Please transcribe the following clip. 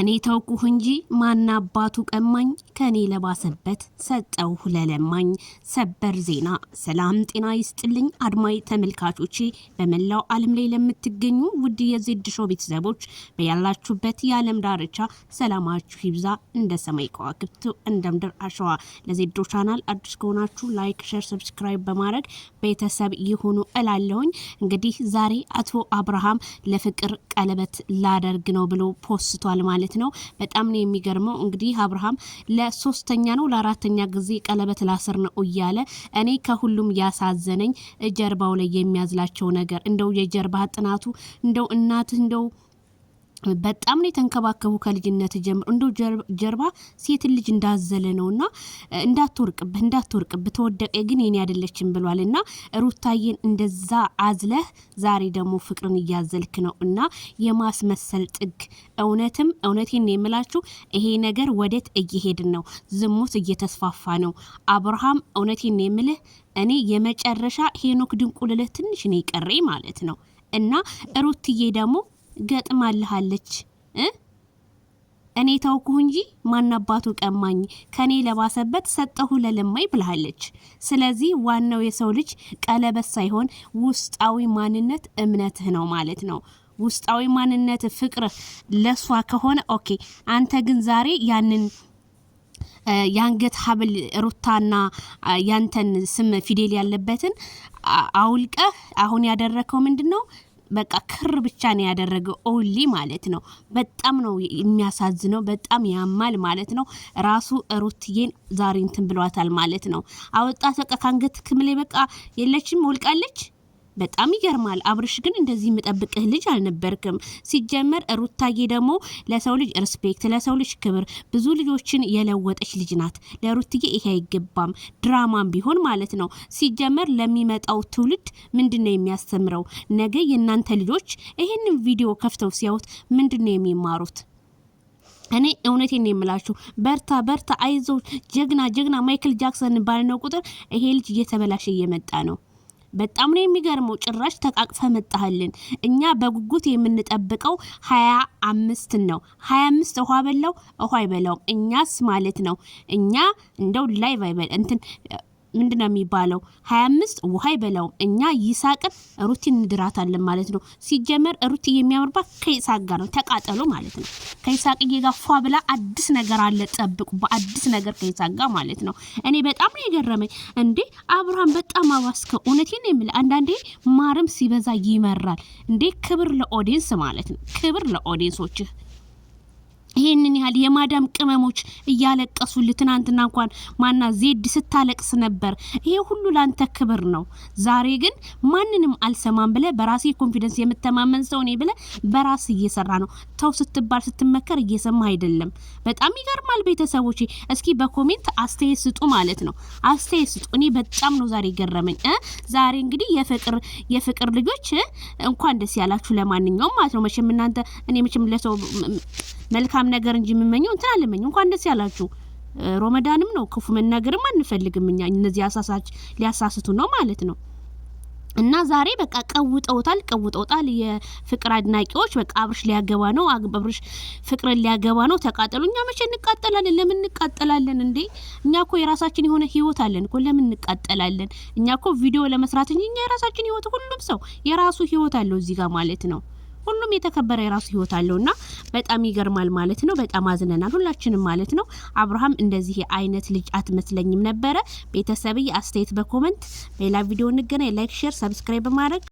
እኔ ተውኩህ እንጂ ማና አባቱ ቀማኝ፣ ከኔ ለባሰበት ሰጠው ለለማኝ። ሰበር ዜና። ሰላም ጤና ይስጥልኝ አድማይ ተመልካቾቼ፣ በመላው ዓለም ላይ ለምትገኙ ውድ የዜድ ሾው ቤተሰቦች በያላችሁበት የዓለም ዳርቻ ሰላማችሁ ይብዛ እንደ ሰማይ ከዋክብት እንደ ምድር አሸዋ። ለዜዶ ቻናል አዲስ ከሆናችሁ ላይክ፣ ሸር፣ ሰብስክራይብ በማድረግ ቤተሰብ ይሁኑ እላለሁኝ። እንግዲህ ዛሬ አቶ አብርሃም ለፍቅር ቀለበት ላደርግ ነው ብሎ ፖስቷል ማለት ማግኘት ነው። በጣም ነው የሚገርመው። እንግዲህ አብርሃም ለሶስተኛ ነው ለአራተኛ ጊዜ ቀለበት ላስር ነው እያለ እኔ ከሁሉም ያሳዘነኝ ጀርባው ላይ የሚያዝላቸው ነገር እንደው የጀርባ ጥናቱ እንደው እናትህ እንደው በጣም ነው የተንከባከቡ ከልጅነት ጀምሮ እንዶ ጀርባ ሴትን ልጅ እንዳዘለ ነው እና እንዳትወርቅብህ እንዳትወርቅብህ ተወደቀ ግን የኔ አይደለችም ብሏል። እና ሩታዬን እንደዛ አዝለህ ዛሬ ደግሞ ፍቅርን እያዘልክ ነው እና የማስመሰል ጥግ እውነትም እውነቴን የምላችሁ ይሄ ነገር ወዴት እየሄድን ነው? ዝሙት እየተስፋፋ ነው። አብርሃም እውነቴን የምልህ እኔ የመጨረሻ ሄኖክ ድንቁልልህ ትንሽ ነው ይቀረኝ ማለት ነው እና ሩትዬ ደግሞ ገጥማልሃለች እኔ ተውኩህ እንጂ ማናባቱ ቀማኝ፣ ከኔ ለባሰበት ሰጠሁ ለለማኝ ብልሃለች። ስለዚህ ዋናው የሰው ልጅ ቀለበት ሳይሆን ውስጣዊ ማንነት እምነትህ ነው ማለት ነው። ውስጣዊ ማንነት ፍቅር ለሷ ከሆነ ኦኬ። አንተ ግን ዛሬ ያንን የአንገት ሀብል ሩታና ያንተን ስም ፊደል ያለበትን አውልቀህ አሁን ያደረከው ምንድን ነው? በቃ ክር ብቻ ነው ያደረገው ኦንሊ ማለት ነው። በጣም ነው የሚያሳዝነው፣ በጣም ያማል ማለት ነው። ራሱ ሩትዬን ዛሬ እንትን ብሏታል ማለት ነው። አወጣት በቃ ከአንገት ክምሌ በቃ የለችም ወልቃለች። በጣም ይገርማል። አብርሽ ግን እንደዚህ የምጠብቅህ ልጅ አልነበርክም። ሲጀመር ሩታዬ ደግሞ ለሰው ልጅ ሪስፔክት፣ ለሰው ልጅ ክብር ብዙ ልጆችን የለወጠች ልጅ ናት። ለሩትዬ ይሄ አይገባም፣ ድራማም ቢሆን ማለት ነው። ሲጀመር ለሚመጣው ትውልድ ምንድን ነው የሚያስተምረው? ነገ የእናንተ ልጆች ይህንን ቪዲዮ ከፍተው ሲያዩት ምንድን ነው የሚማሩት? እኔ እውነቴን ነው የምላችሁ። በርታ በርታ፣ አይዞ፣ ጀግና ጀግና ማይክል ጃክሰን ባልነው ቁጥር ይሄ ልጅ እየተበላሸ እየመጣ ነው። በጣም ነው የሚገርመው። ጭራሽ ተቃቅፈ መጣህልን። እኛ በጉጉት የምንጠብቀው ሀያ አምስትን ነው። ሀያ አምስት ውሃ በላው ውሃ አይበላውም። እኛስ ማለት ነው እኛ እንደው ላይ እንትን ምንድን ነው የሚባለው? ሀያ አምስት ውሃ ይበላው። እኛ ይሳቅን ሩቲ እንድራታለን ማለት ነው። ሲጀመር ሩቲ የሚያምርባት ከይሳቅ ጋር ነው። ተቃጠሉ ማለት ነው። ከይሳቅ ጋር ብላ አዲስ ነገር አለ ጠብቁ፣ በአዲስ ነገር ከይሳቅ ጋር ማለት ነው። እኔ በጣም ነው የገረመኝ። እንዴ አብርሃም በጣም አባስከው። እውነቴን ነው የምልህ አንዳንዴ ማርም ሲበዛ ይመራል። እንዴ ክብር ለኦዲየንስ ማለት ነው። ክብር ለኦዲየንሶችህ ይህንን ያህል የማዳም ቅመሞች እያለቀሱል ትናንትና እንኳን ማና ዜድ ስታለቅስ ነበር። ይሄ ሁሉ ላንተ ክብር ነው። ዛሬ ግን ማንንም አልሰማም ብለ በራሴ ኮንፊደንስ የምተማመን ሰው ነኝ ብለ በራስ እየሰራ ነው። ተው ስትባል ስትመከር እየሰማ አይደለም። በጣም ይገርማል። ቤተሰቦች እስኪ በኮሜንት አስተያየት ስጡ ማለት ነው። አስተያየት ስጡ። እኔ በጣም ነው ዛሬ ገረመኝ። ዛሬ እንግዲህ የፍቅር የፍቅር ልጆች እንኳን ደስ ያላችሁ። ለማንኛውም ማለት ነው መቼም እናንተ እኔ መቼም ለሰው መልካም ነገር እንጂ የምመኘው እንትን አልመኘው። እንኳን ደስ ያላችሁ። ሮመዳንም ነው ክፉ መናገርም አንፈልግም እኛ። እነዚህ አሳሳች ሊያሳስቱ ነው ማለት ነው። እና ዛሬ በቃ ቀውጠውታል፣ ቀውጠውታል። የፍቅር አድናቂዎች በቃ አብርሽ ሊያገባ ነው፣ አብርሽ ፍቅርን ሊያገባ ነው። ተቃጠሉ። እኛ መቼ እንቃጠላለን? ለምን እንቃጠላለን እንዴ? እኛ ኮ የራሳችን የሆነ ህይወት አለን እኮ ለምን እንቃጠላለን? እኛ ኮ ቪዲዮ ለመስራት እንጂ እኛ የራሳችን ህይወት፣ ሁሉም ሰው የራሱ ህይወት አለው እዚህ ጋር ማለት ነው። ሁሉም የተከበረ የራሱ ህይወት አለውና በጣም ይገርማል ማለት ነው። በጣም አዝነናል ሁላችንም ማለት ነው። አብርሃም እንደዚህ አይነት ልጅ አትመስለኝም ነበረ። ቤተሰብዬ አስተያየት በኮመንት በሌላ ቪዲዮ እንገናኝ። ላይክ፣ ሼር፣ ሰብስክራይብ ማድረግ።